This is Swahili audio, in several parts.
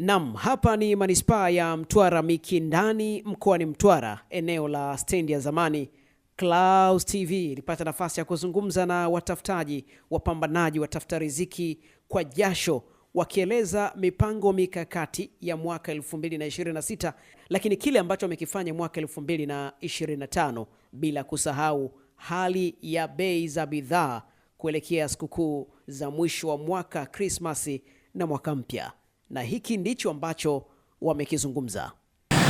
Nam, hapa ni manispaa ya Mtwara Mikindani mkoani Mtwara, eneo la stendi ya zamani. Clouds TV ilipata nafasi ya kuzungumza na watafutaji, wapambanaji, watafuta riziki kwa jasho, wakieleza mipango mikakati ya mwaka 2026 lakini kile ambacho wamekifanya mwaka 2025 bila kusahau hali ya bei za bidhaa kuelekea sikukuu za mwisho wa mwaka Krismasi na mwaka mpya na hiki ndicho ambacho wamekizungumza.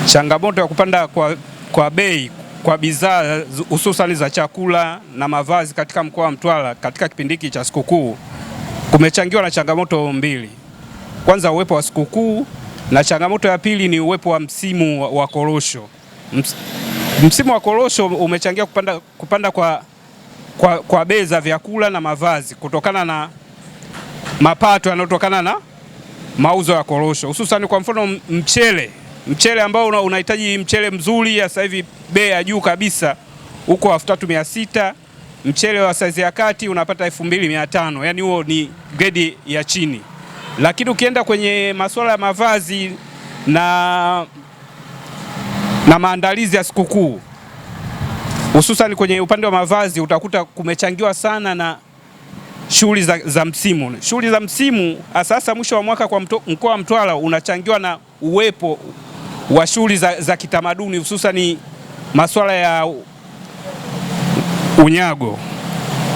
Changamoto ya kupanda kwa, kwa bei kwa bidhaa hususani za chakula na mavazi katika mkoa wa Mtwara katika kipindi hiki cha sikukuu kumechangiwa na changamoto mbili. Kwanza, uwepo wa sikukuu na changamoto ya pili ni uwepo wa msimu wa korosho. msimu wa korosho umechangia kupanda, kupanda kwa, kwa, kwa bei za vyakula na mavazi kutokana na mapato yanayotokana na mauzo ya korosho, hususan kwa mfano mchele. Mchele ambao unahitaji mchele mzuri, sasa hivi bei ya juu kabisa huko elfu mchele wa saizi ya kati unapata 2500 yani huo ni gredi ya chini. Lakini ukienda kwenye masuala ya mavazi na, na maandalizi ya sikukuu hususan kwenye upande wa mavazi utakuta kumechangiwa sana na shughuli za, za msimu. Shughuli za msimu sasa mwisho wa mwaka kwa mkoa wa Mtwara unachangiwa na uwepo wa shughuli za, za kitamaduni hususani masuala ya unyago.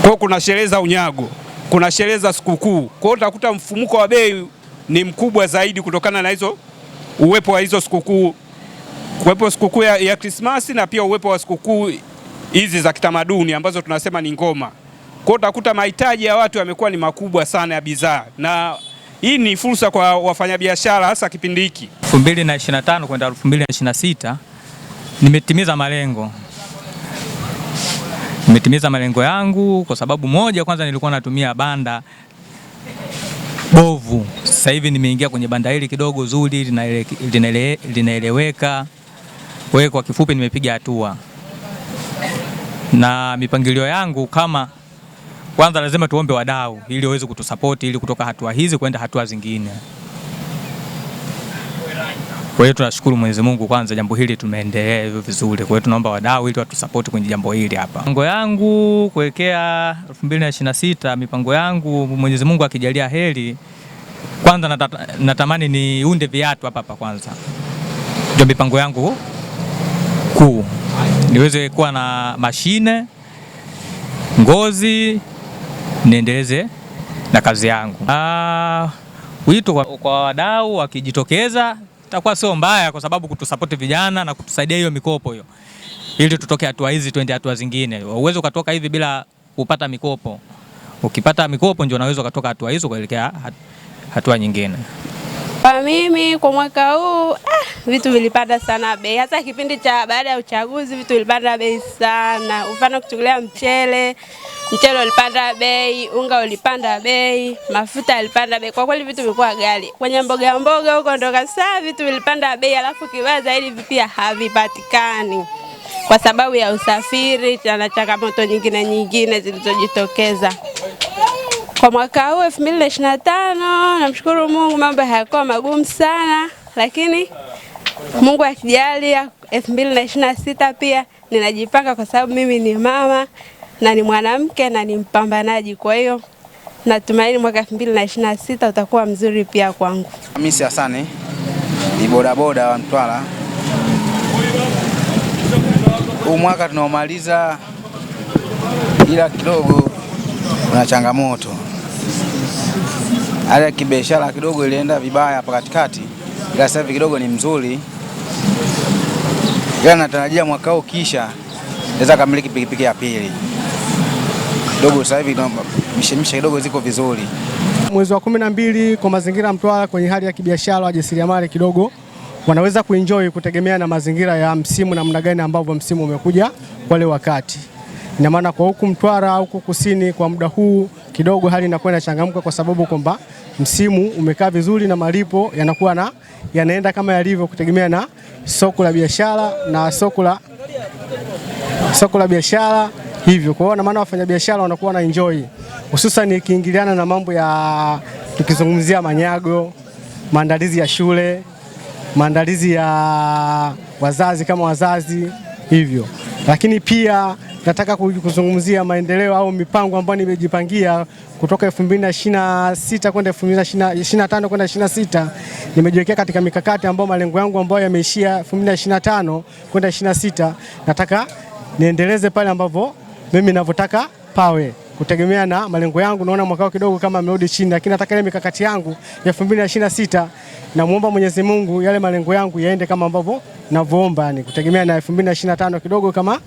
Kwa kuna sherehe za unyago, kuna sherehe za sikukuu. Kwa hiyo utakuta mfumuko wa bei ni mkubwa zaidi kutokana na hizo uwepo wa hizo sikukuu, kuwepo sikukuu ya Krismasi na pia uwepo wa sikukuu hizi za kitamaduni ambazo tunasema ni ngoma. Kwa utakuta mahitaji ya watu yamekuwa ni makubwa sana ya bidhaa, na hii ni fursa kwa wafanyabiashara hasa kipindi hiki 2025 kwenda 2026. Nimetimiza malengo, nimetimiza malengo yangu kwa sababu moja, kwanza nilikuwa natumia banda bovu. Sasa hivi nimeingia kwenye banda hili kidogo zuri, linaeleweka. Kwa hiyo kwa kifupi, nimepiga hatua na mipangilio yangu kama kwanza lazima tuombe wadau ili waweze kutusapoti ili kutoka hatua hizi kwenda hatua zingine. Kwa hiyo tunashukuru Mwenyezi Mungu kwanza, jambo hili tumeendelea hivyo vizuri. Kwa hiyo tunaomba wadau ili watusapoti kwenye jambo hili hapa. Mipango yangu kuelekea 2026 mipango yangu, Mwenyezi Mungu akijalia heri, kwanza nata, natamani niunde viatu hapa hapa kwanza, ndio mipango yangu kuu, niweze kuwa na mashine ngozi niendeleze na kazi yangu. Ah, wito kwa wadau wakijitokeza itakuwa sio mbaya, kwa sababu kutusapoti vijana na kutusaidia hiyo mikopo hiyo, ili tutoke hatua hizi twende hatua zingine. Uwezo ukatoka hivi bila kupata mikopo, ukipata mikopo ndio unaweza ukatoka hatua hizo kuelekea hatua nyingine. Kwa mimi kwa mwaka huu ah, vitu vilipanda sana bei, hata kipindi cha baada ya uchaguzi vitu vilipanda bei sana. Mfano kuchukulia mchele, mchele ulipanda bei, unga ulipanda bei, mafuta yalipanda bei. Kwa kweli vitu vilikuwa ghali. Kwenye mboga mboga huko ndo kabisa vitu vilipanda bei, alafu kibaya zaidi pia havipatikani kwa sababu ya usafiri na changamoto nyingine nyingine zilizojitokeza. Kwa mwaka huu 2025 namshukuru Mungu, mambo hayakuwa magumu sana, lakini Mungu akijalia 2026 pia ninajipanga, kwa sababu mimi ni mama na ni mwanamke na ni mpambanaji. Kwa hiyo natumaini mwaka 2026 utakuwa mzuri pia kwangu. Hamisi Hasani ni bodaboda wa Mtwara. Huu mwaka tunaomaliza, ila kidogo una changamoto hali ya kibiashara kidogo ilienda vibaya hapa katikati, ila sasa hivi kidogo ni mzuri, ila natarajia mwaka huu kisha naweza kamiliki pikipiki ya pili kidogo. Sasa hivi mishemisha kidogo ziko vizuri. Mwezi wa kumi na mbili kwa mazingira ya Mtwara kwenye hali ya kibiashara, wajasiriamali kidogo wanaweza kuenjoy kutegemea na mazingira ya msimu, namna gani ambavyo msimu umekuja kwa wakati. Ina maana kwa huku Mtwara, huku kusini, kwa muda huu kidogo hali inakuwa inachangamka, kwa sababu kwamba msimu umekaa vizuri na malipo yanakuwa na yanaenda kama yalivyo, kutegemea na soko la biashara na soko la soko la biashara hivyo. Kwa hiyo na maana wafanyabiashara wanakuwa na enjoy, hususan ikiingiliana na mambo ya tukizungumzia manyago, maandalizi ya shule, maandalizi ya wazazi kama wazazi hivyo, lakini pia Nataka kuzungumzia maendeleo au mipango ambayo nimejipangia kutoka 2026 kwenda 2025 kwenda 26. Nimejiwekea katika mikakati ambayo malengo yangu ambayo yameishia 2025 kwenda 26, nataka niendeleze pale ambapo mimi ninavyotaka pawe kutegemea na malengo yangu. Naona mwaka kidogo kama amerudi chini, lakini nataka ile mikakati yangu ya 2026 na namwomba Mwenyezi Mungu yale malengo yangu yaende kama ambavyo navyoomba, yani kutegemea na 2025 kidogo kama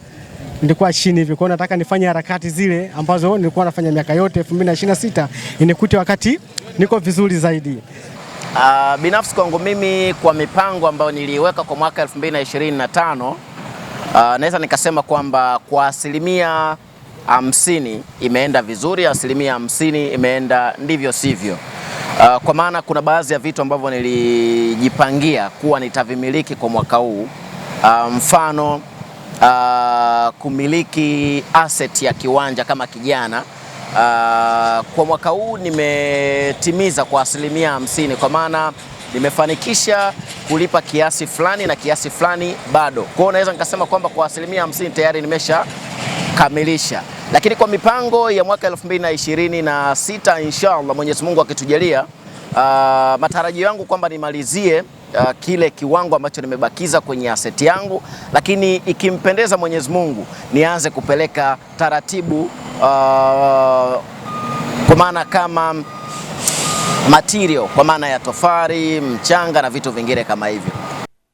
nilikuwa chini hivi, kwa nataka nifanye harakati zile ambazo nilikuwa nafanya miaka yote 2026 inikute wakati niko vizuri zaidi. Uh, binafsi kwangu mimi kwa mipango ambayo niliiweka kwa mwaka 2025 uh, ah, naweza nikasema kwamba kwa asilimia hamsini imeenda vizuri, asilimia hamsini imeenda ndivyo sivyo. Uh, kwa maana kuna baadhi ya vitu ambavyo nilijipangia kuwa nitavimiliki kwa mwaka huu uh, mfano uh, kumiliki asset ya kiwanja kama kijana uh, kwa mwaka huu nimetimiza kwa asilimia hamsini kwa maana nimefanikisha kulipa kiasi fulani na kiasi fulani bado. Kwa hiyo naweza nikasema kwamba kwa asilimia hamsini tayari nimesha kamilisha lakini kwa mipango ya mwaka 2026 inshallah Mwenyezi Mungu akitujalia, uh, matarajio yangu kwamba nimalizie uh, kile kiwango ambacho nimebakiza kwenye aseti yangu, lakini ikimpendeza Mwenyezi Mungu nianze kupeleka taratibu uh, kwa maana kama material kwa maana ya tofari, mchanga na vitu vingine kama hivyo.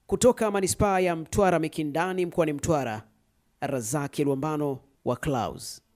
Kutoka manispaa ya Mtwara Mikindani mkoani Mtwara, Razaki Lwambano wa Clouds.